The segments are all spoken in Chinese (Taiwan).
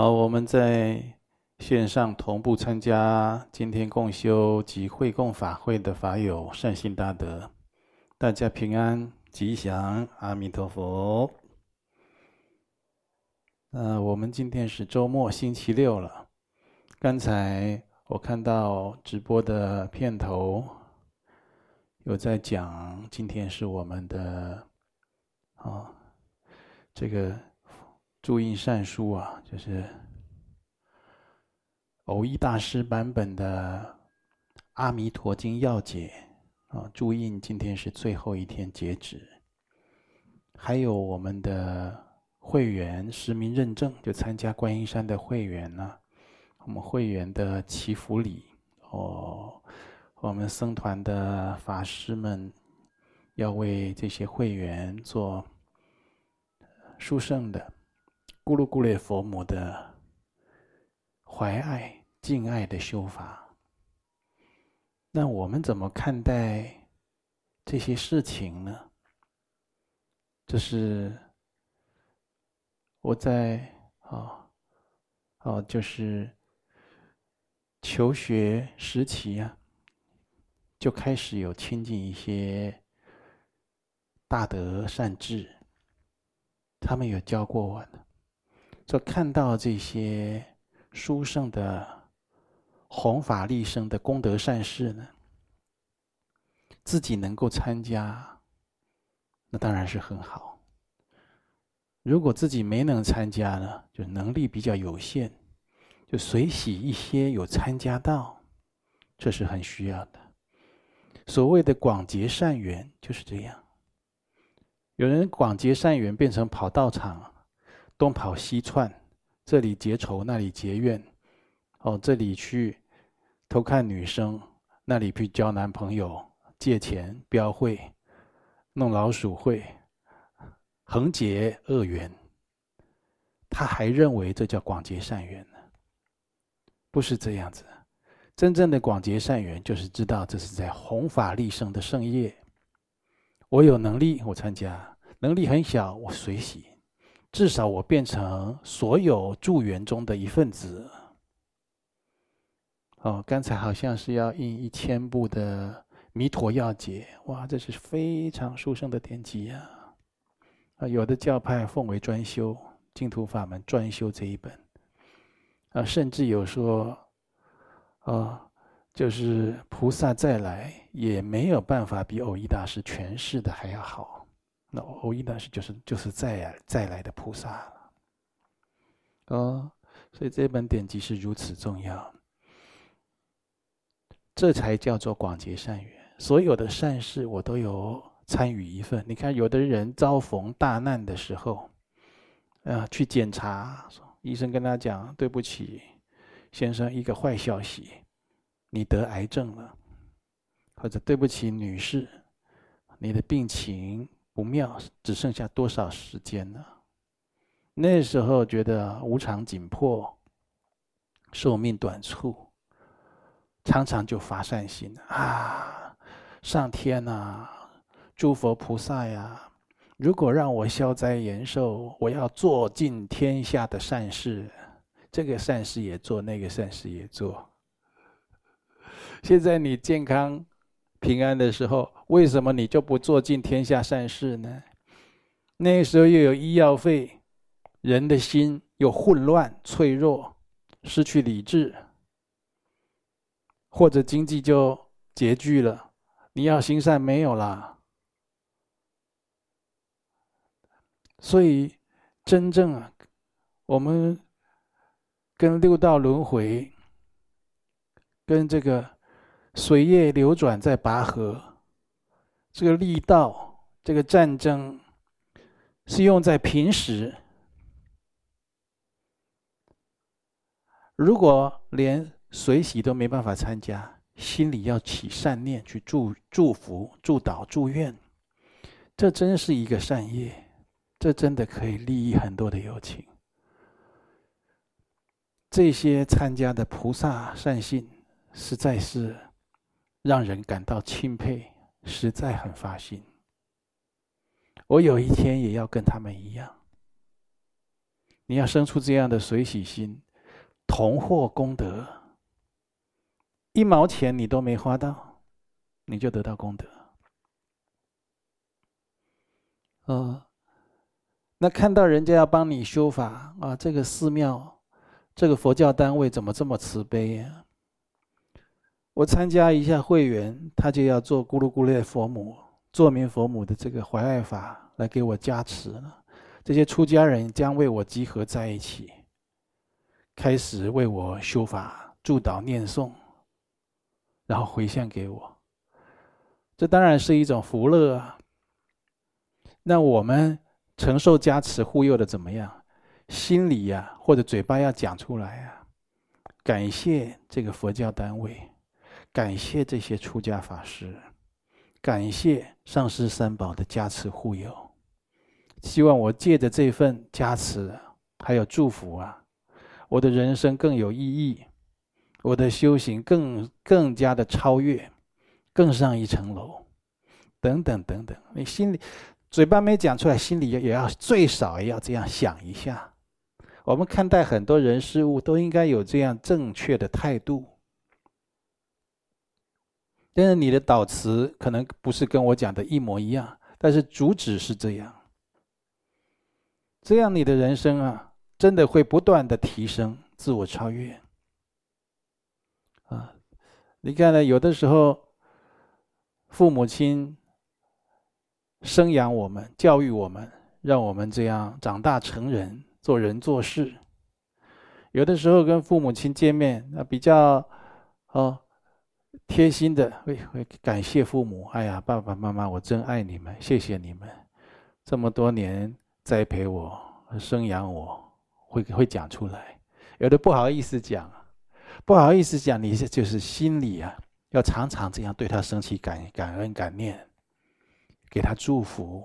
好，我們在線上同步參加今天共修及會供法會的法友善心大德，大家平安吉祥，阿彌陀佛。呃，我們今天是周末，星期六了。剛才我看到直播的片頭有在講，今天是我們的啊、哦，這個。助印善書啊，就是蕅益大師版本的《阿彌陀經要解》啊、哦。助印今天是最後一天截止。還有我們的會員實名認證，就參加觀音山的會員呢、啊。我們會員的祈福禮哦，我們僧團的法師們要為這些會員做殊勝的。咕嚕咕咧佛母的懷愛敬愛的修法，那我們怎麼看待這些事情呢？這、就是我在啊哦，哦，就是求學時期啊，就開始有親近一些大德善智，他們有教過我呢。就看到這些殊勝的弘法利生的功德善事呢，自己能夠參加，那當然是很好。如果自己沒能參加呢，就能力比較有限，就隨喜一些有參加到，這是很需要的。所謂的廣結善緣就是這樣。有人廣結善緣變成跑道場東跑西竄，這裡結仇，那裡結怨，哦，這裡去偷看女生，那裡去交男朋友，借錢、標會、弄老鼠會，橫結惡緣。他還認為這叫廣結善緣呢？不是這樣子。真正的廣結善緣，就是知道這是在弘法利生的聖業。我有能力，我參加；能力很小，我隨喜。至少我變成所有助緣中的一份子。哦，剛才好像是要印一千部的《彌陀要解》哇，這是非常殊勝的典籍啊！啊，有的教派奉為專修淨土法門，專修這一本啊，甚至有說啊、哦，就是菩薩再來也沒有辦法比藕益大師詮釋的還要好。那偶因當是就是就是再來再來的菩薩了，哦，oh，所以這本典籍是如此重要，這才叫做廣結善緣。所有的善事我都有參與一份。你看，有的人遭逢大難的時候，啊、呃，去檢查，醫生跟他講：“對不起，先生，一個壞消息，你得癌症了。”或者對不起，女士，你的病情。不妙，只剩下多少時間了？那時候覺得無常緊迫，壽命短促，常常就發善心啊！上天吶、啊，諸佛菩薩呀、啊，如果讓我消災延壽，我要做盡天下的善事，這個善事也做，那個善事也做。現在你健康。平安的時候，為什麼你就不做盡天下善事呢？那時候又有醫藥費，人的心又混亂、脆弱，失去理智，或者經濟就拮据了，你要行善沒有啦。所以，真正啊，我們跟六道輪迴，跟這個。水月流轉在拔河，這個力道，這個戰爭，是用在平時。如果連隨喜都沒辦法參加，心裡要起善念去祝祝福、祝禱、祝願，這真是一個善業，這真的可以利益很多的有情。這些參加的菩薩善信，實在是。讓人感到欽佩，實在很發心。我有一天也要跟他們一樣。你要生出這樣的隨喜心，同獲功德。一毛錢你都沒花到，你就得到功德。啊，那看到人家要幫你修法啊，這個寺廟，這個佛教單位怎麼這麼慈悲啊？我參加一下會員，他就要做咕嚕咕咧佛母、作明佛母的這個懷愛法來給我加持了。這些出家人將為我集合在一起，開始為我修法、助導、念誦，然後回向給我。這當然是一種福樂啊。那我們承受加持護佑的怎麼樣？心裡呀、啊，或者嘴巴要講出來啊，感謝這個佛教單位。感謝這些出家法師，感謝上師三寶的加持護佑，希望我借着這份加持，還有祝福啊，我的人生更有意義，我的修行更更加的超越，更上一層樓，等等等等。你心裡，嘴巴沒講出來，心裡也也要最少也要這樣想一下。我們看待很多人事物都應該有這樣正確的態度。跟你的導詞可能不是跟我講的一模一樣，但是主旨是這樣。這樣你的人生啊，真的會不斷的提升自我超越。啊，你看呢？有的時候，父母親生養我們，教育我們，讓我們這樣長大成人，做人做事。有的時候跟父母親見面，那比較，哦。貼心的會會感謝父母，哎呀，爸爸媽媽，我真愛你們，謝謝你們這麼多年栽培我、生養我，會會講出來。有的不好意思講，不好意思講，你是就是心裡啊，要常常這樣對他生起感感恩、感念，給他祝福。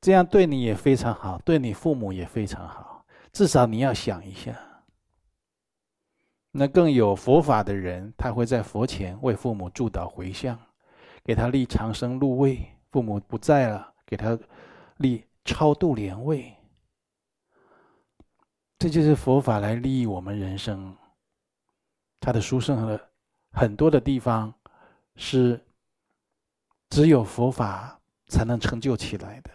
這樣對你也非常好，對你父母也非常好。至少你要想一下。那更有佛法的人，他會在佛前為父母祝禱回向，給他立長生祿位；父母不在了，給他立超度蓮位。這就是佛法來利益我們人生。他的殊勝的很多的地方，是只有佛法才能成就起來的。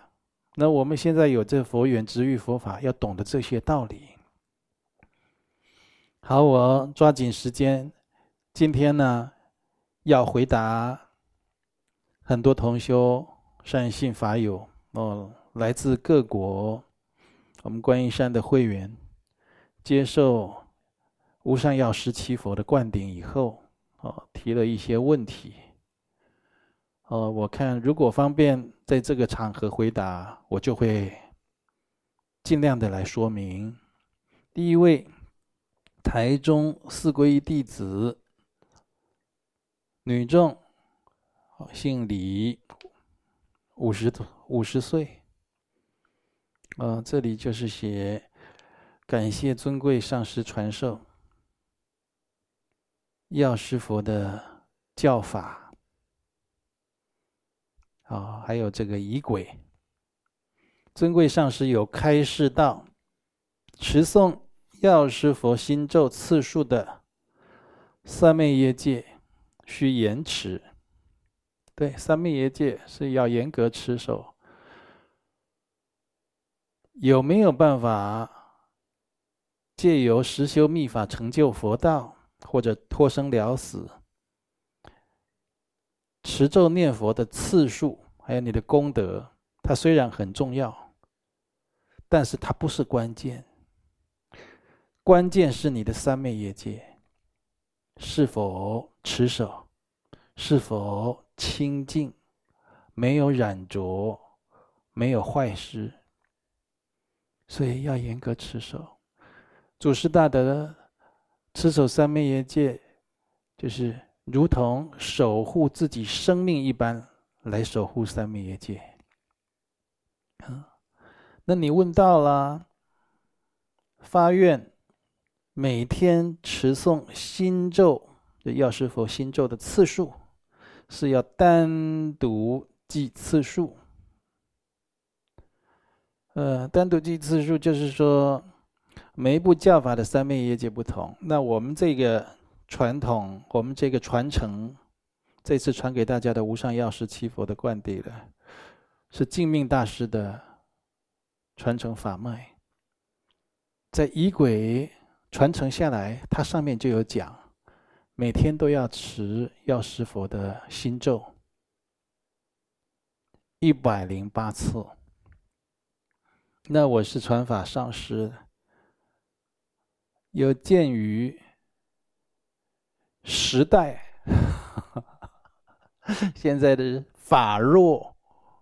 那我們現在有這佛緣，值遇佛法，要懂得這些道理。好，我抓緊時間。今天呢，要回答很多同修、善信法友哦，來自各國，我們觀音山的會員接受無上藥師七佛的灌頂以後哦，提了一些問題哦。我看如果方便在這個場合回答，我就會盡量的來說明。第一位。台中四皈依弟子，女眾，姓李，五十多五十歲、呃。這裡就是寫感謝尊貴上師傳授藥師佛的教法啊、哦，還有這個儀軌。尊貴上師有開示到持誦。藥師佛心咒次數的三昧耶戒需嚴持。對，三昧耶戒是要嚴格持守。有沒有辦法借由實修密法成就佛道，或者脫生了死？持咒念佛的次數，還有你的功德，它雖然很重要，但是它不是關鍵。關鍵是你的三昧耶戒，是否持守，是否清淨，沒有染濁，沒有壞事，所以要嚴格持守。祖師大德持守三昧耶戒，就是如同守護自己生命一般來守護三昧耶戒。啊，那你問到了發願。每天持誦心咒，這藥師佛心咒的次數是要單獨計次數。呃，單獨計次數就是說，每一部教法的三昧耶戒不同。那我們這個傳統，我們這個傳承，這次傳給大家的無上藥師七佛的灌頂了，是靜命大師的傳承法脈，在儀軌。傳承下來，它上面就有講，每天都要持藥師佛的心咒一百零八次。那我是傳法上師，有鑑於時代， 現在的法弱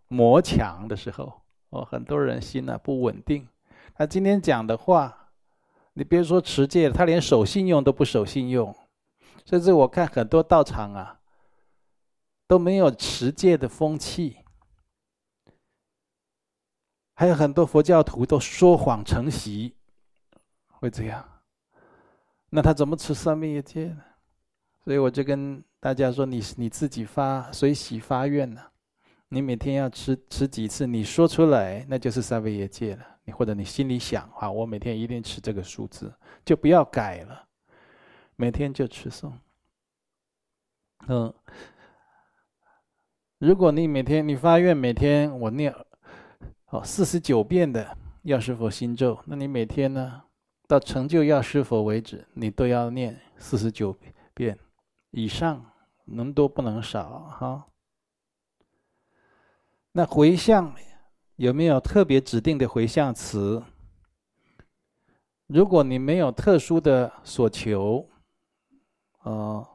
魔強的時候，哦，很多人心呢、啊、不穩定，那今天講的話。你別說持戒，他連守信用都不守信用，甚至我看很多道場啊，都沒有持戒的風氣。還有很多佛教徒都說謊成習，會這樣。那他怎麼持三昧耶戒呢？所以我就跟大家說，你你自己發隨喜發願了、啊，你每天要持持幾次，你說出來那就是三昧耶戒了。你或者你心裡想啊，我每天一定持這個數字，就不要改了，每天就持誦。嗯，如果你每天你發願每天我念，哦，四十九遍的藥師佛心咒，那你每天呢，到成就藥師佛為止，你都要念四十九遍以上，能多不能少哈。那回向。有沒有特別指定的回向詞？如果你沒有特殊的所求，呃，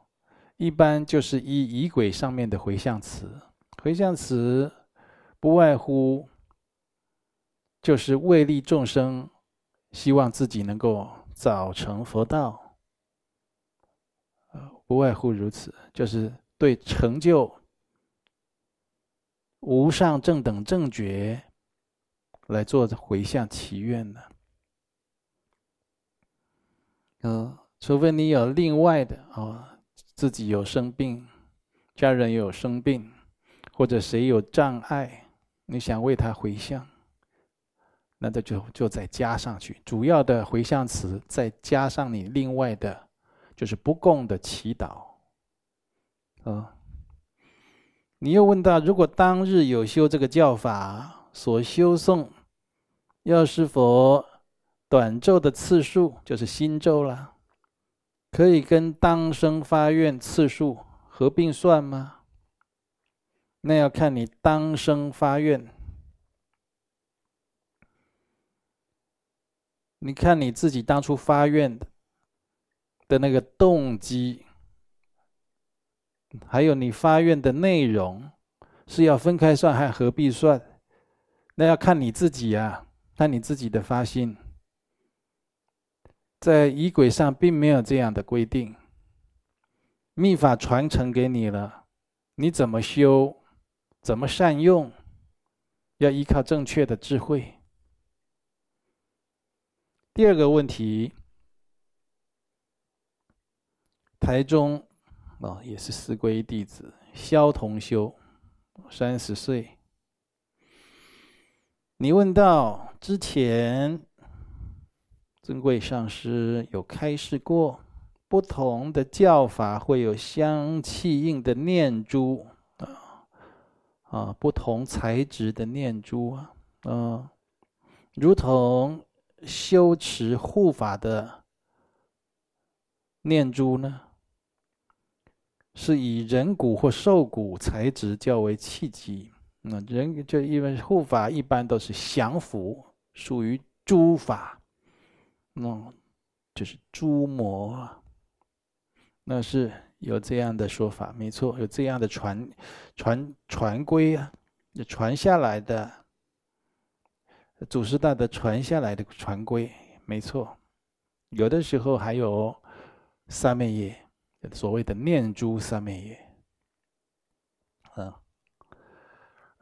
一般就是依儀軌上面的回向詞。回向詞不外乎就是為利眾生，希望自己能夠早成佛道。呃，不外乎如此，就是對成就無上正等正覺。來做迴向祈願的，嗯，除非你有另外的哦，自己有生病，家人有生病，或者誰有障礙，你想為他迴向，那這就就再加上去主要的迴向詞，再加上你另外的，就是不共的祈禱，啊，你又問到，如果當日有修這個教法，所修誦，藥師佛短咒的次數，就是心咒了，可以跟當生發願次數合併算嗎？那要看你當生發願，你看你自己當初發願的的那個動機，還有你發願的內容，是要分開算還是合併算？那要看你自己啊，看你自己的發心。在儀軌上並沒有這樣的規定。密法傳承給你了，你怎麼修，怎麼善用，要依靠正確的智慧。第二個問題，台中啊、哦，也是四皈弟子蕭同修，三十歲。你問到之前，尊貴上師有開示過，不同的教法會有相契應的念珠啊，啊，不同材質的念珠啊，如同修持護法的念珠呢，是以人骨或獸骨材質較為契機。那人就因為護法一般都是降伏，屬於誅法，那就是誅魔，那是有這樣的說法，沒錯，有這樣的傳傳傳規啊，傳下來的祖師大德傳下來的傳規，沒錯，有的時候還有三昧耶，所謂的念珠三昧耶。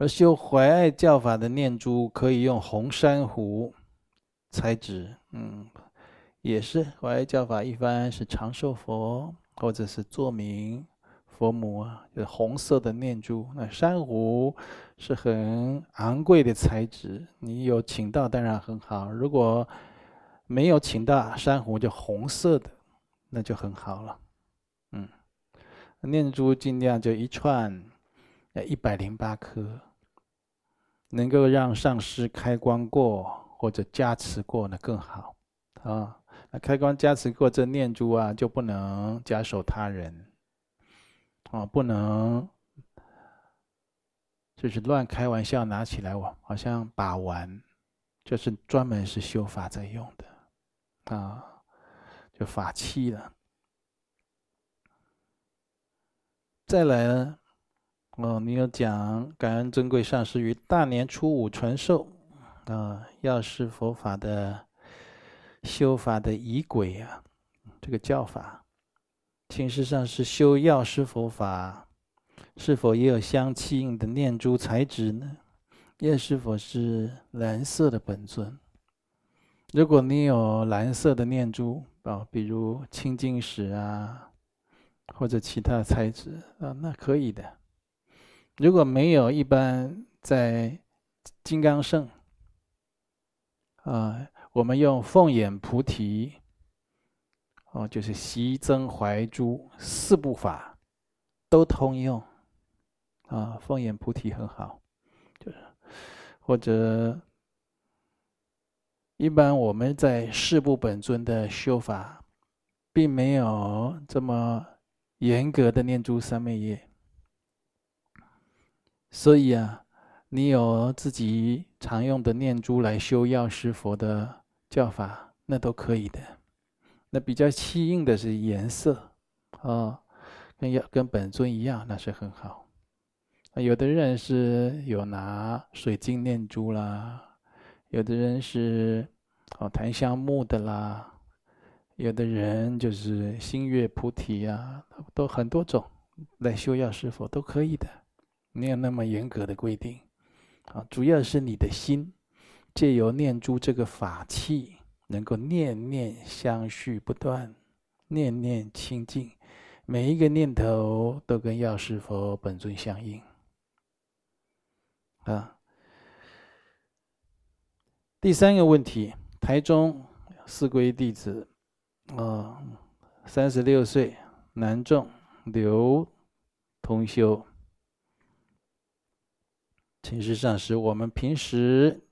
而修懷愛教法的念珠可以用紅珊瑚材質，嗯，也是懷愛教法一般是長壽佛或者是作明佛母，啊，就是紅色的念珠。那珊瑚是很昂貴的材質，你有請到當然很好。如果沒有請到珊瑚，就紅色的，那就很好了。嗯，念珠盡量就一串，呃，一百零八顆。能夠讓上師開光過或者加持過呢，更好，啊，那開光加持過這念珠啊就不能假手他人，啊，不能，就是亂開玩笑拿起來玩，好像把玩，就是專門是修法在用的，啊，就法器了。再來呢？哦，你有講，感恩尊貴上師於大年初五傳授啊藥師佛法的修法的儀軌啊，這個教法。請示上師修藥師佛法是否也有相契應的念珠材質呢？又是否是藍色的本尊，如果你有藍色的念珠啊，比如青金石啊，或者其他材質啊，那可以的。如果沒有，一般在金剛乘，啊，我們用鳳眼菩提哦、啊，就是息增懷誅，四部法都通用啊，鳳眼菩提很好，就是或者一般我們在四部本尊的修法，並沒有這麼嚴格的念珠三昧耶。所以啊，你有自己常用的念珠來修藥師佛的教法，那都可以的。那比較契應的是顏色，啊、哦，跟要跟本尊一樣，那是很好。有的人是有拿水晶念珠啦，有的人是哦檀香木的啦，有的人就是星月菩提呀、啊，都很多種來修藥師佛都可以的。沒有那麼嚴格的規定，啊，主要是你的心，借由念珠這個法器，能夠念念相續不斷，念念清淨，每一個念頭都跟藥師佛本尊相應，啊。第三個問題，台中四皈弟子，啊，三十六歲，男眾，劉同修。請示上師，我們平時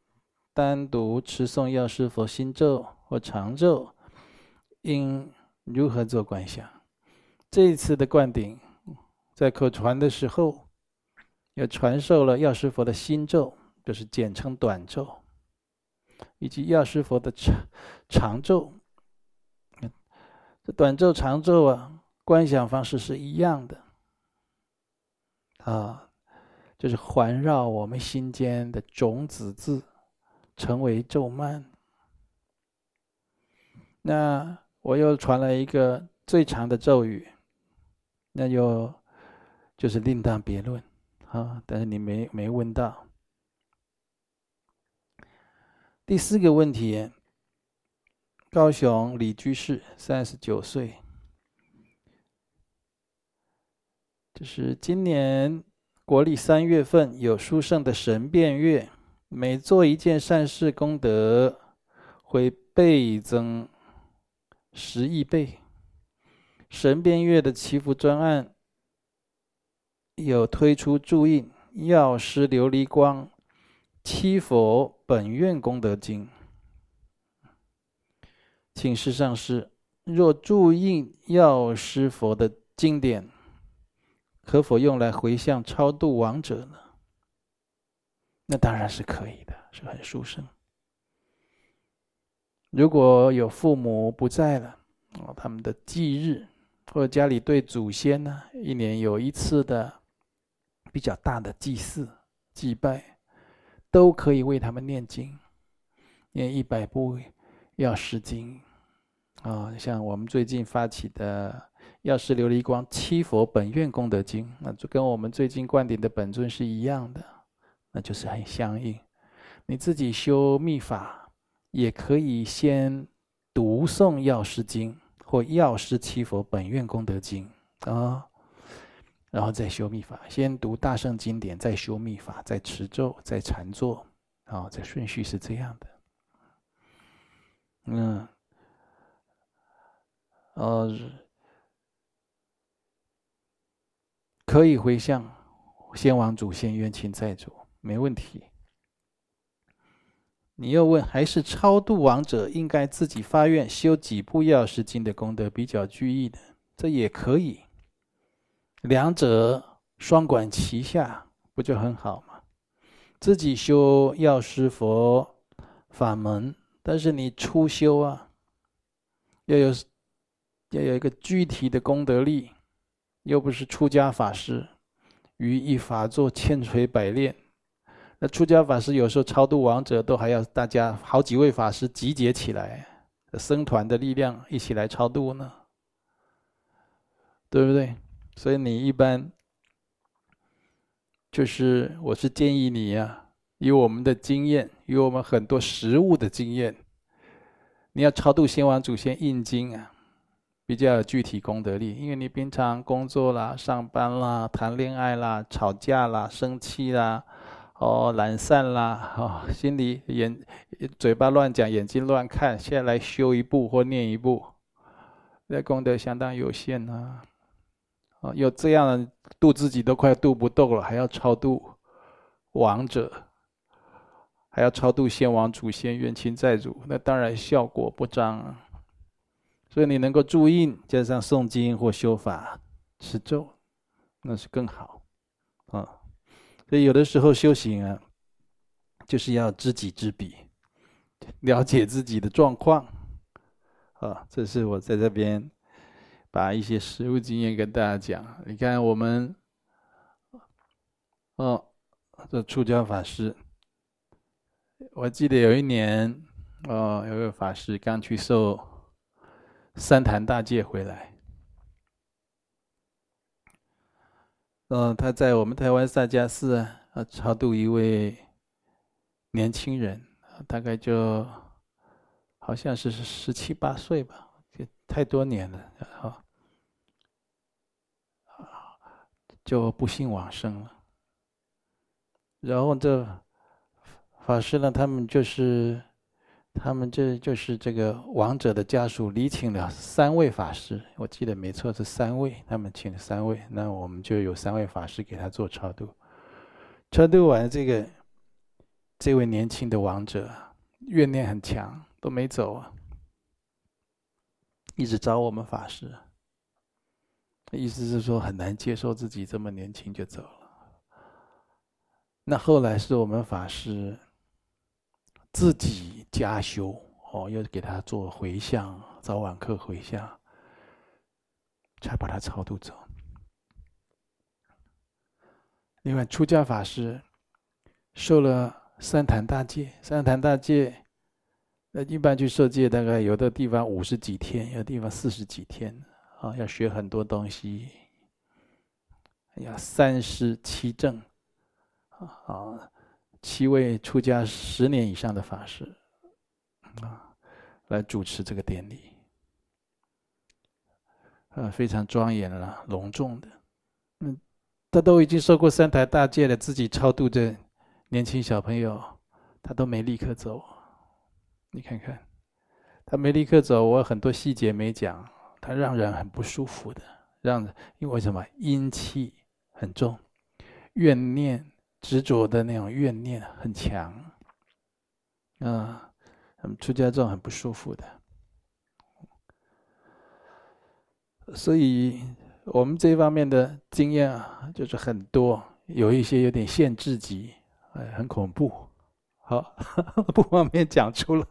單獨持誦藥師佛心咒或長咒，應如何做觀想？這一次的灌頂在口傳的時候，要傳授了藥師佛的心咒，就是簡稱短咒，以及藥師佛的長長咒。這短咒、長咒啊，觀想方式是一樣的啊。就是環繞我們心間的種子字，成為咒曼。那我又傳了一個最長的咒語，那就就是另當別論，啊！但是你沒沒問到。第四個問題，高雄李居士，三十九歲，就是今年。國曆三月份有殊勝的神變月，每做一件善事功德會倍增十億倍。神變月的祈福專案有推出助印藥師琉璃光七佛本願功德經，請示上師：若助印藥師佛的經典。可否用來回向超度亡者呢？那當然是可以的，是很殊勝。如果有父母不在了哦，他們的忌日，或者家裡對祖先呢，一年有一次的比較大的祭祀祭拜，都可以為他們念經，念一百部藥師經啊，哦。像我們最近發起的。藥師琉璃光七佛本願功德經，那就跟我們最近灌頂的本尊是一樣的，那就是很相應。你自己修密法，也可以先讀誦藥師經或藥師七佛本願功德經啊，然後再修密法，先讀大乘經典，再修密法，再持咒，再禪坐，啊，這順序是這樣的。嗯，哦可以回向先亡祖先冤親債主，沒問題。你又問，還是超度亡者應該自己發願修幾部藥師經的功德比較具義的，這也可以，兩者雙管齊下，不就很好嗎？自己修藥師佛法門，但是你初修啊，要有要有一個具體的功德力。又不是出家法師，於一法座千錘百煉。那出家法師有時候超度亡者，都還要大家好幾位法師集結起來，僧團的力量一起來超度呢，對不對？所以你一般就是，我是建議你呀、啊，以我們的經驗，以我們很多實物的經驗，你要超度先亡祖先印經啊，比較有具體功德力，因為你平常工作啦、上班啦、談戀愛啦、吵架啦、生氣啦、哦懶散啦，哦心裡眼嘴巴亂講、眼睛亂看，現在來修一部或念一部，那功德相當有限吶。啊，有、哦、這樣度自己都快度不動了，還要超度亡者，還要超度先亡、祖先、冤親債主，那當然效果不彰。如果你能夠注意，加上誦經或修法持咒，那是更好啊。哦，所以有的時候修行啊，就是要知己知彼，了解自己的狀況啊。這是我在這邊把一些實物經驗跟大家講。你看我們哦，這出家法師，我記得有一年哦，有個法師剛去受。三壇大戒回來，嗯，他在我們台灣薩迦寺啊，超度一位年輕人，大概就好像是十七八歲吧，太多年了，然後就不幸往生了。然後這法師呢，他們就是。他們這就是這個亡者的家屬，禮請了三位法師，我記得沒錯是三位，他們請了三位，那我們就有三位法師給他做超度。超度完這個，這位年輕的亡者怨念很強，都沒走，啊。一直找我們法師，意思是說很難接受自己這麼年輕就走了。那後來是我們法師自己。加修哦，要給他做回向，早晚課回向，才把他超度走。另外，出家法師受了三壇大戒，三壇大戒，那一般去受戒，大概有的地方五十幾天，有的地方四十幾天啊、哦，要學很多東西，要三師七證啊、哦，七位出家十年以上的法師。啊，來主持這個典禮，呃、啊，非常莊嚴了，隆重的。嗯，他都已經受過三壇大戒了，自己超度的年輕小朋友，他都沒立刻走。你看看，他沒立刻走，我有很多細節沒講，他讓人很不舒服的，讓人因為什麼陰氣很重，怨念執着的那種怨念很強，啊。他們出家眾很不舒服的，所以我們這方面的經驗啊，就是很多有一些有點限制級，哎，很恐怖，好 不方便講出來。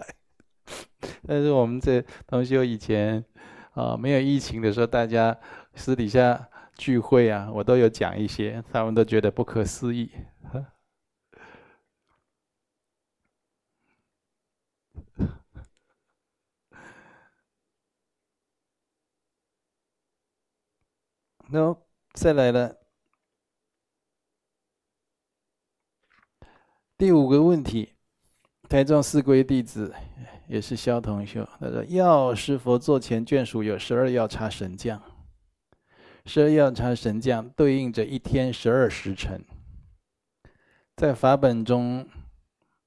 但是我們這同學以前啊，沒有疫情的時候，大家私底下聚會啊，我都有講一些，他們都覺得不可思議，那、no? 再來了第五個問題，台中四皈弟子也是蕭同學，他說：“藥師佛座前眷屬有十二藥叉神將，十二藥叉神將對應着一天十二時辰，在法本中，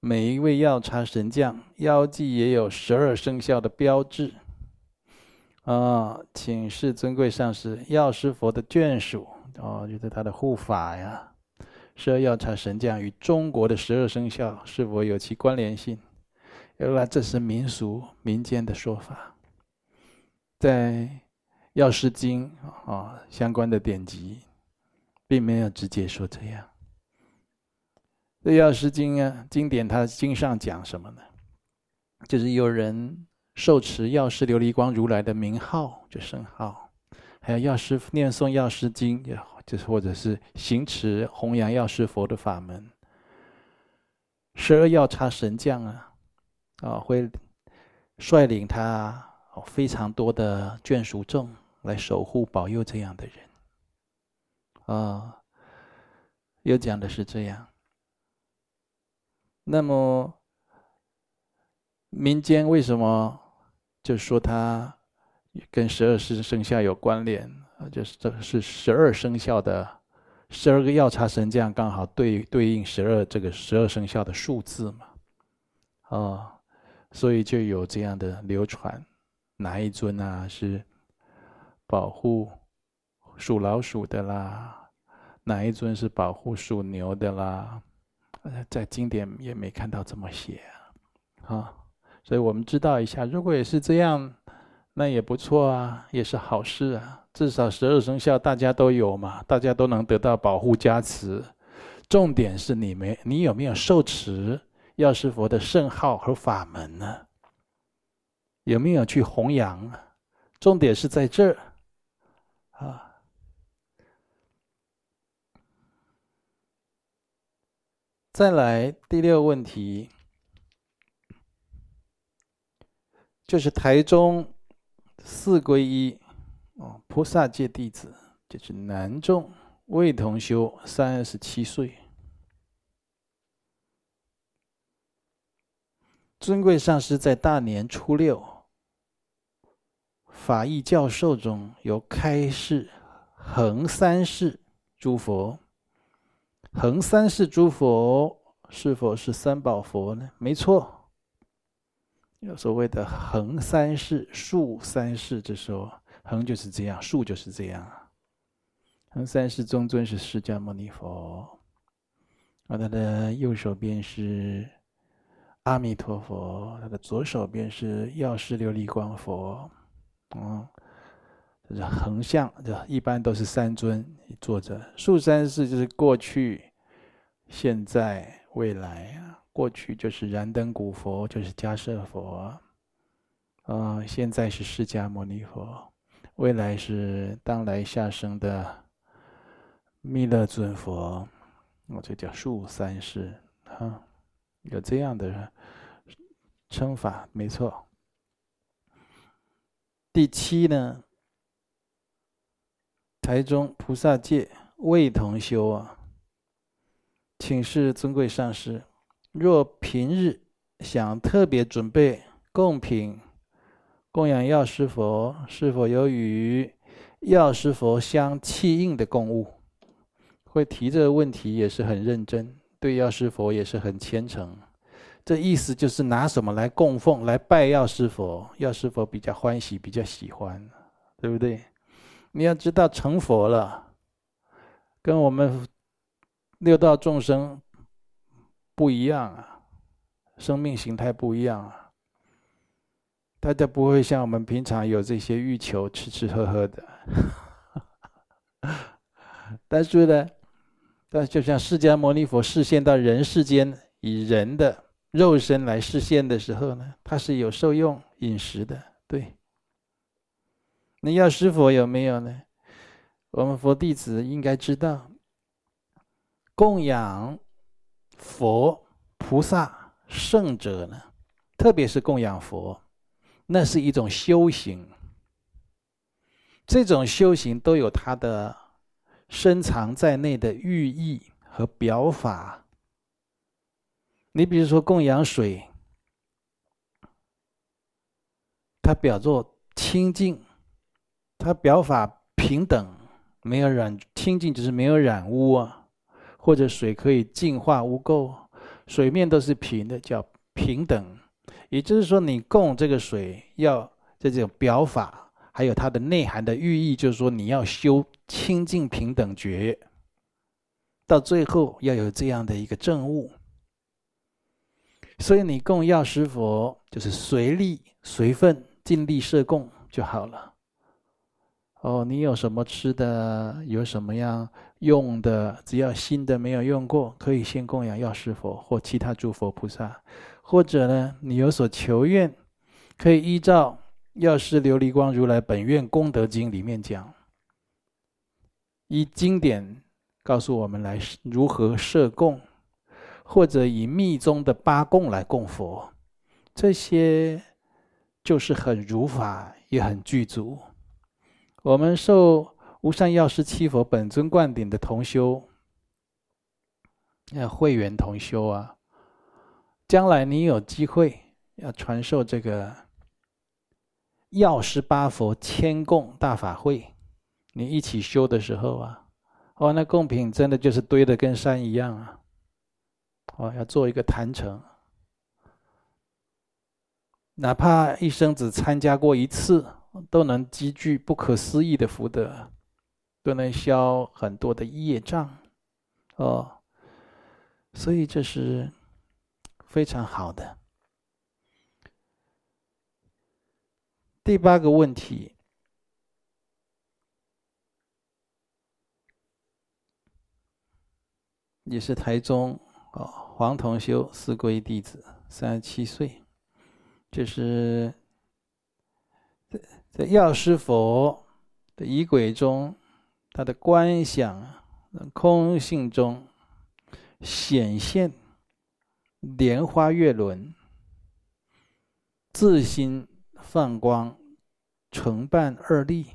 每一位藥叉神將腰際也有十二生肖的標誌。”啊、哦，請示尊貴上師，藥師佛的眷屬哦，就是他的護法呀。十二藥叉神將與中國的十二生肖是否有其關聯性？原來這是民俗民間的說法，在《藥師經》啊、哦、相關的典籍，並沒有直接說這樣。這《藥師經》啊，經典它經上講什麼呢？就是有人。受持藥師琉璃光如來的名號，就聖號，還有藥師念誦藥師經，就是或者是行持弘揚藥師佛的法門。十二藥叉神將啊，啊，會率領他非常多的眷屬眾來守護保佑這樣的人啊、哦。又講的是這樣，那麼民間為什麼？就說它，跟十二生肖有關聯，就是這是十二生肖的十二個藥叉神將，這樣剛好對對應十二這個十二生肖的數字嘛，哦，所以就有這樣的流傳。哪一尊啊是保護屬老鼠的啦？哪一尊是保護屬牛的啦？在經典也沒看到這麼寫啊。所以我們知道一下，如果也是這樣，那也不錯啊，也是好事啊。至少十二生肖大家都有嘛，大家都能得到保護加持。重點是你沒，你有沒有受持藥師佛的聖號和法門呢？有沒有去弘揚？重點是在這兒啊。再來第六問題。就是台中四皈依菩薩戒弟子就是男眾魏同修，三十七歲。尊貴上師在大年初六法義教授中，有開示橫三世諸佛，橫三世諸佛是否是三寶佛呢？沒錯。有所謂的橫三世、豎三世之說，橫就是這樣，豎就是這樣。橫三世中尊是釋迦牟尼佛，那他的右手邊是阿彌陀佛，他的左手邊是藥師琉璃光佛。嗯，這、就是橫向，這一般都是三尊坐着。豎三世就是過去、現在、未來啊。過去就是燃燈古佛，就是迦葉佛，啊、呃，現在是釋迦牟尼佛，未來是當來下生的彌勒尊佛，我就叫豎三世啊，有這樣的稱法，沒錯。第七呢，台中菩薩戒魏同修啊，請示尊貴上師。若平日想特別準備供品，供養藥師佛，是否有與藥師佛相契應的供物？會提這個問題也是很認真，對藥師佛也是很虔誠。這意思就是拿什麼來供奉、來拜藥師佛，藥師佛比較歡喜、比較喜歡，對不對？你要知道成佛了，跟我們六道眾生。不一樣啊，生命形態不一樣啊。大家不會像我們平常有這些欲求，吃吃喝喝的。 但是呢，但是就像釋迦牟尼佛示現到人世間，以人的肉身來示現的時候呢，他是有受用飲食的。對，那藥師佛有沒有呢？我們佛弟子應該知道供養。佛、菩薩、聖者呢，特別是供養佛，那是一種修行。這種修行都有它的深藏在內的寓意和表法。你比如說供養水，它表作清淨，它表法平等，沒有染清淨，就是沒有染污啊。或者，水可以淨化污垢，水面都是平的，叫平等。也就是說，你供這個水，要這種表法，還有它的內涵的寓意，就是說你要修清淨平等覺，到最後要有這樣的一個證悟。所以你供藥師佛，就是隨力隨分盡力設供就好了。哦，你有什麼吃的，有什麼樣？用的只要新的沒有用過，可以先供養藥師佛或其他諸佛菩薩，或者呢，你有所求願，可以依照藥師琉璃光如來本願功德經裡面講，以經典告訴我們來如何設供，或者以密宗的八供來供佛，這些就是很如法也很具足，我們受無上藥師七佛本尊灌頂的同修，要會員同修啊！將來你有機會要傳授這個藥師八佛千供大法會，你一起修的時候啊，哦，那供品真的就是堆得跟山一樣啊！哦，要做一個壇城，哪怕一生只參加過一次，都能積聚不可思議的福德。都能消很多的業障，哦，所以這是非常好的。第八個問題，也是台中哦，黃同修四皈依弟子，三十七歲，就是在在藥師佛的儀軌中。他的觀想空性中顯現蓮花月輪，自心放光，成辦二利。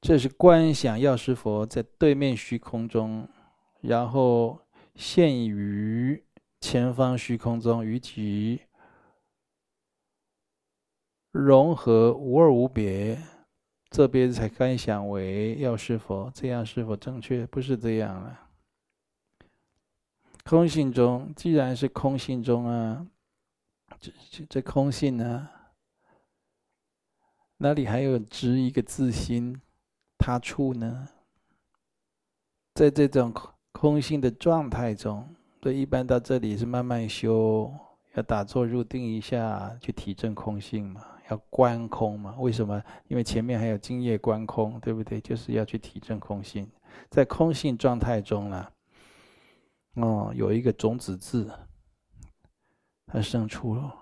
這是觀想藥師佛在對面虛空中，然後現於前方虛空中，與其融合無二無別。這邊才敢想為要是否這樣是否正確？不是這樣了。空性中，既然是空性中啊，這這空性呢、啊，哪裡還有執一個自心他處呢？在這種空空性的狀態中，所以一般到這裡是慢慢修，要打坐入定一下，去體證空性嘛。要觀空嘛？為什麼？因為前面還有精液觀空，對不對？就是要去體證空性，在空性狀態中了、啊。哦，有一個種子字，它生出了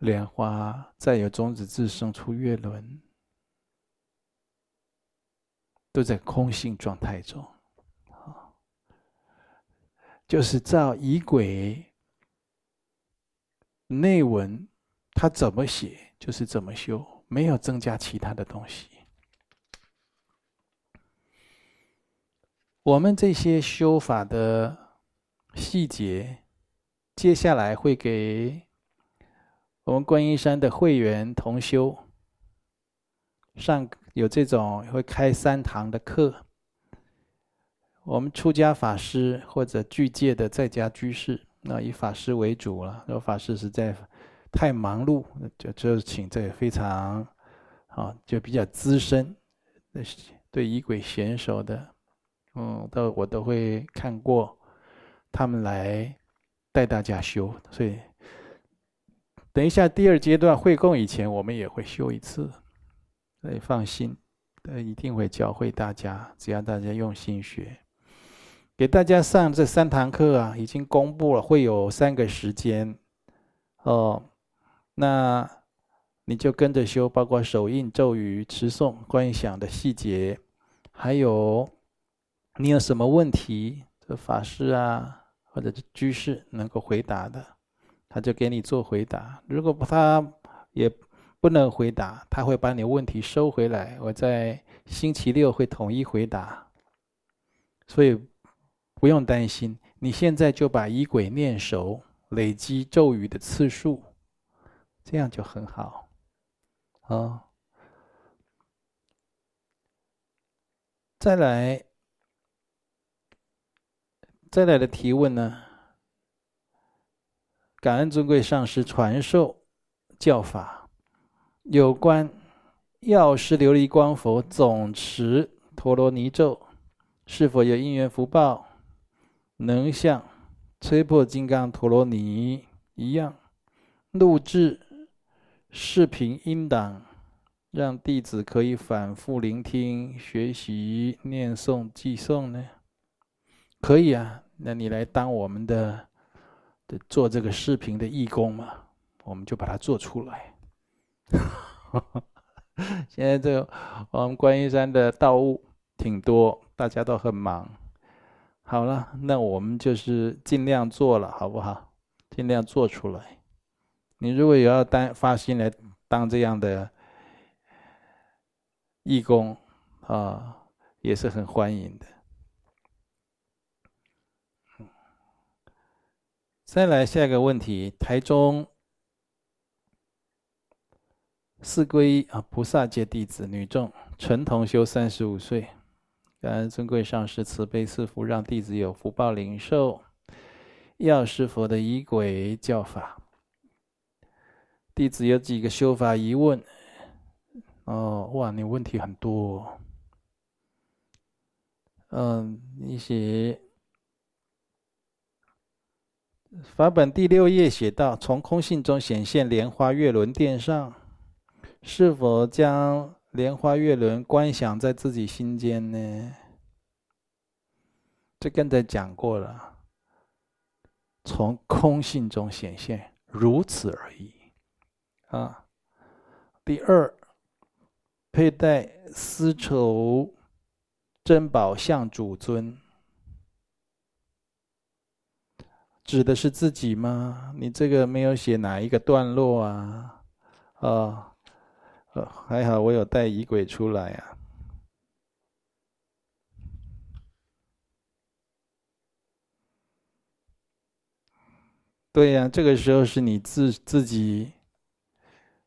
蓮花，再有種子字生出月輪，都在空性狀態中。啊，就是照儀軌內文。他怎麼寫就是怎麼修，沒有增加其他的東西。我們這些修法的細節，接下來會給我們觀音山的會員同修上有這種會開三堂的課。我們出家法師或者具戒的在家居士，那以法師為主了，有法師是在。太忙碌，就就請這個非常好，就比較資深，那對儀軌嫻熟的，嗯，都我都會看過，他們來帶大家修。所以等一下第二階段薈供以前，我們也會修一次，所以放心，但一定會教會大家，只要大家用心學，給大家上這三堂課啊，已經公佈了，會有三個時間，哦、呃。那你就跟着修，包括手印、咒語、持誦、觀想的細節，還有你有什麼問題，這法師啊或者是居士能夠回答的，他就給你做回答。如果他也不能回答，他會把你問題收回來，我在星期六會統一回答。所以不用擔心，你現在就把儀軌念熟，累積咒語的次數。這樣就很好，哦。再來，再來的提問呢？感恩尊貴上師傳授教法，有關藥師琉璃光佛總持陀羅尼咒，是否有因緣福報，能像摧破金剛陀羅尼一樣錄製？視頻音檔，讓弟子可以反覆聆聽、學習、念誦、記誦呢？可以啊，那你來當我們的，做這個視頻的義工嘛？我們就把它做出來。 現在這個我們觀音山的道務挺多，大家都很忙。好了，那我們就是盡量做了，好不好？盡量做出來。你如果有要當發心來當這樣的義工啊，也是很歡迎的。嗯。再來下一個問題：台中四皈依啊，菩薩戒弟子女眾陳同修三十五歲，感恩尊貴上師慈悲賜福，讓弟子有福報領受藥師佛的儀軌教法。弟子有幾個修法疑問，哦，哇，你問題很多、哦。嗯，你寫法本第六頁寫到，從空性中顯現蓮花月輪墊上，是否將蓮花月輪觀想在自己心間呢？這剛才講過了，從空性中顯現，如此而已。啊，第二，佩戴絲綢珍寶像主尊，指的是自己嗎？你這個沒有寫哪一個段落啊？啊、哦哦，還好我有帶儀軌出來啊。對呀，啊，這個時候是你自自己。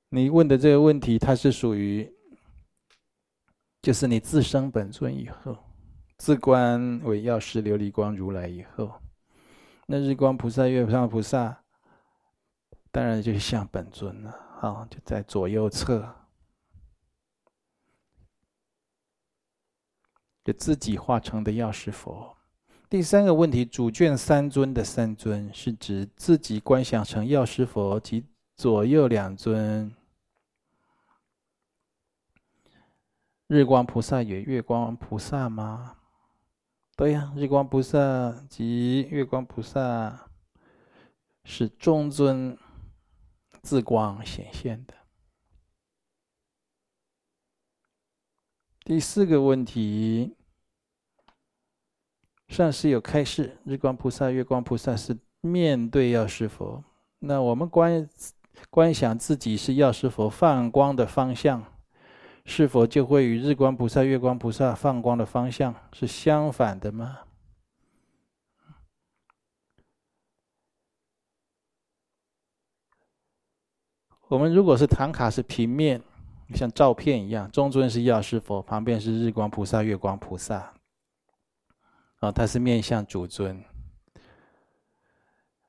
你問的這個問題，它是屬於，就是你自生本尊以後，自觀為藥師琉璃光如來以後，那日光菩薩、月光菩薩，當然就是像本尊了啊，就在左右側，就自己化成的藥師佛。第三個問題，主眷三尊的三尊是指自己觀想成藥師佛及左右兩尊？日光菩薩與月光菩薩嗎？對呀、啊，日光菩薩及月光菩薩是中尊自光顯現的。第四個問題：上師有開示，日光菩薩、月光菩薩是面對藥師佛。那我們觀觀想自己是藥師佛放光的方向，是否就會與日光菩薩、月光菩薩放光的方向是相反的嗎？我們如果是唐卡是平面，像照片一樣，中尊是藥師佛，旁邊是日光菩薩、月光菩薩，啊、哦，它是面向主尊，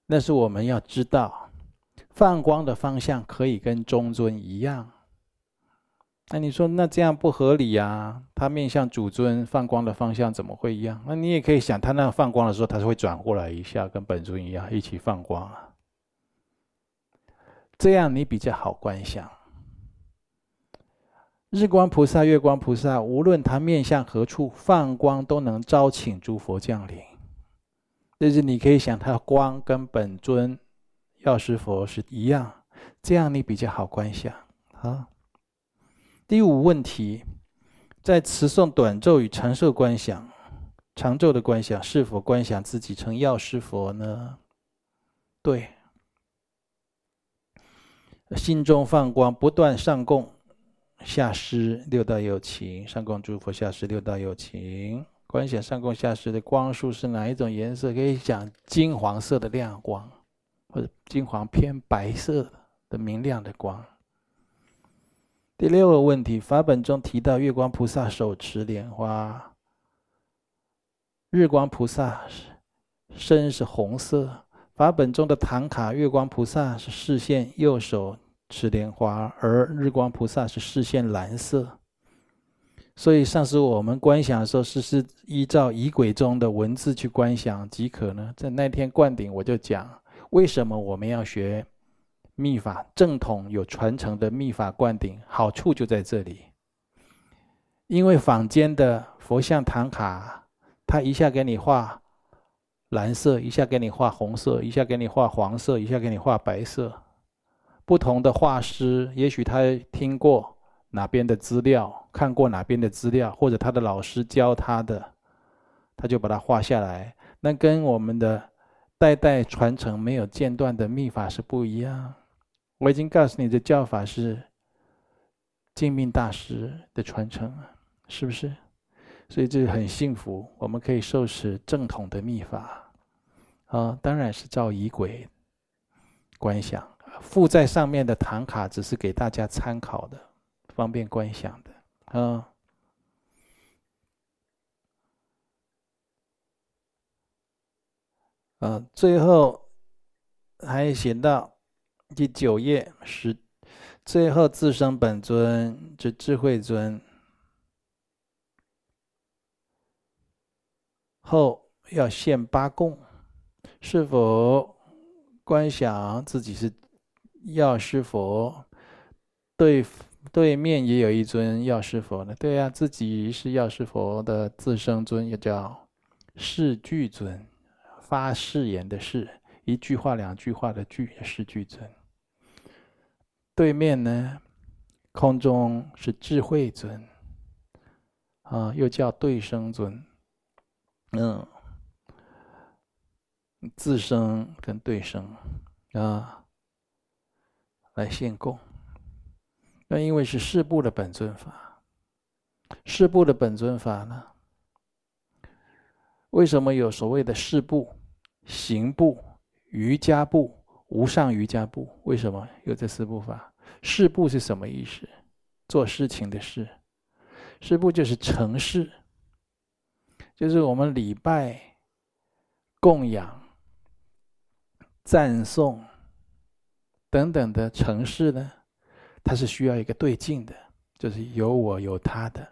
但是我們要知道，放光的方向可以跟中尊一樣。那你說，那這樣不合理呀、啊？他面向主尊放光的方向怎麼會一樣？那你也可以想，他那放光的時候，他是會轉過來一下，跟本尊一樣一起放光啊。這樣你比較好觀想。日光菩薩、月光菩薩，無論他面向何處放光，都能招請諸佛降臨。但是你可以想，他的光跟本尊藥師佛是一樣，這樣你比較好觀想啊。第五問題，在持誦短咒與長咒觀想，長咒的觀想是否觀想自己成藥師佛呢？對，心中放光，不斷上供下施六道有情，上供諸佛，下施六道有情。觀想上供下施的光束是哪一種顏色？可以講金黃色的亮光，或者金黃偏白色的明亮的光。第六個問題，法本中提到月光菩薩手持蓮花，日光菩薩身是紅色。法本中的唐卡月光菩薩是示現右手持蓮花，而日光菩薩是示現藍色。所以，上次我們觀想的時候，是是依照儀軌中的文字去觀想即可呢。在那天灌頂，我就講為什麼我們要學。密法正統有傳承的密法灌頂，好處就在這裡。因為坊間的佛像唐卡，他一下給你畫藍色，一下給你畫紅色，一下給你畫黃色，一下給你畫白色。不同的畫師，也許他聽過哪邊的資料，看過哪邊的資料，或者他的老師教他的，他就把它畫下來。那跟我們的代代傳承沒有間斷的密法是不一樣。我已經告訴你的教法是靜命大師的傳承，是不是？所以這很幸福，我們可以受持正統的密法，啊，當然是照儀軌觀想，附在上面的唐卡只是給大家參考的，方便觀想的，啊，啊，最後還寫到。第九頁十，最後自生本尊這智慧尊後要獻八供，是否觀想自己是藥師佛？對，對面也有一尊藥師佛呢？對呀，啊，自己是藥師佛的自生尊，也叫誓句尊，發誓言的誓，一句話、兩句話的句，誓句尊。對面呢，空中是智慧尊，啊，又叫對生尊，嗯，自生跟對生啊，來獻供。那因為是事部的本尊法，事部的本尊法呢，為什麼有所謂的事部、行部、瑜伽部？無上瑜伽部為什麼有這四部法？事部是什麼意思？做事情的事，事部就是成事，就是我們禮拜、供養、讚頌等等的成事呢，它是需要一個對境的，就是有我有他的。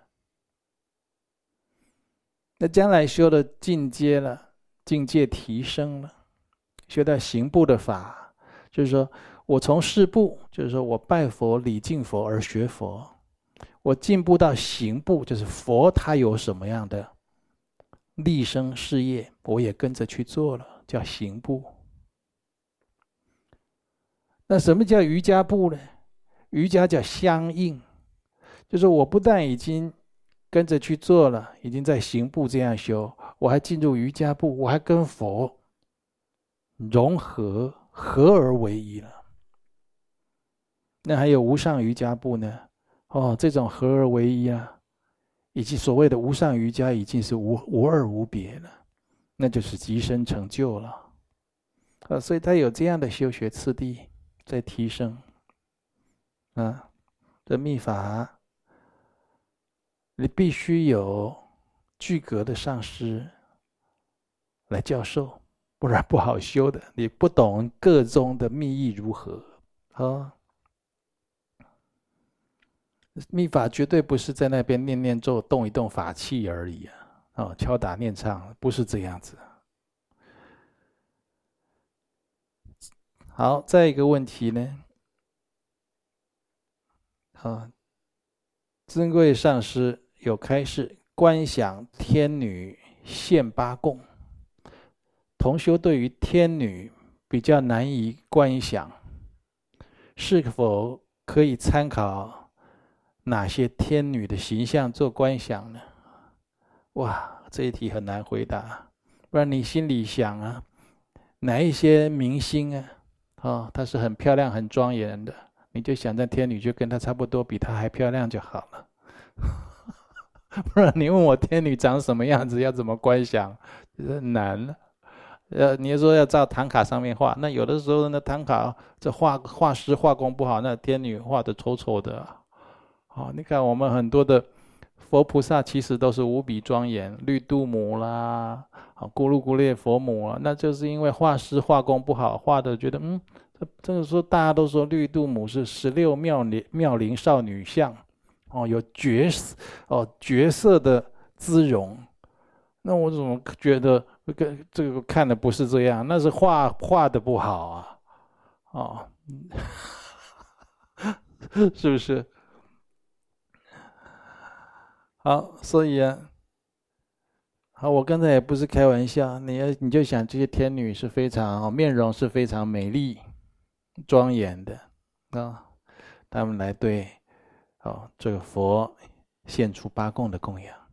那將來修的進階了，境界提升了，修到行部的法。就是說，我從事部，就是說我拜佛、禮敬佛而學佛；我進步到行部，就是佛他有什麼樣的利生事業，我也跟着去做了，叫行部。那什麼叫瑜伽部呢？瑜伽叫相應，就是我不但已經跟着去做了，已經在行部這樣修，我還進入瑜伽部，我還跟佛融合。合而為一了，那還有無上瑜伽部呢？哦，這種合而為一啊，以及所謂的無上瑜伽，已經是無無二無別了，那就是即身成就了，啊、哦，所以他有這樣的修學次第在提升，啊，這密法，你必須有具格的上師來教授。不然不好修的，你不懂各宗的密意如何啊？祕法絕對不是在那邊念念咒、動一動法器而已啊！哦，敲打念唱不是這樣子。好，再一個問題呢？啊，尊貴上師有開示觀想天女獻八供。同修對於天女比較難以觀想，是否可以參考哪些天女的形象，做觀想呢？哇，這一題很難回答。不然你心裡想啊，哪一些明星啊，哦，她是很漂亮、很莊嚴的，你就想着天女就跟她差不多，比她還漂亮就好了。 不然你問我天女長什麼樣子，要怎麼觀想，這、就是、難了。呃，你說要照唐卡上面畫，那有的時候呢，唐卡這畫畫師畫工不好，那天女畫的醜醜的。哦，你看我們很多的佛菩薩其實都是無比莊嚴，綠度母啦，啊咕嚕咕咧佛母啊，那就是因為畫師畫工不好，畫的覺得嗯，這這個時候大家都說綠度母是十六妙齡妙齡少女像，哦有絕色哦絕色的姿容。那我怎麼覺得這個這個看的不是這樣？那是畫畫的不好啊，哦， 是不是？好，所以啊，好，我剛才也不是開玩笑你，你你就想這些天女是非常面容是非常美麗、莊嚴的啊、嗯，他們來對哦這個佛獻出八供的供養。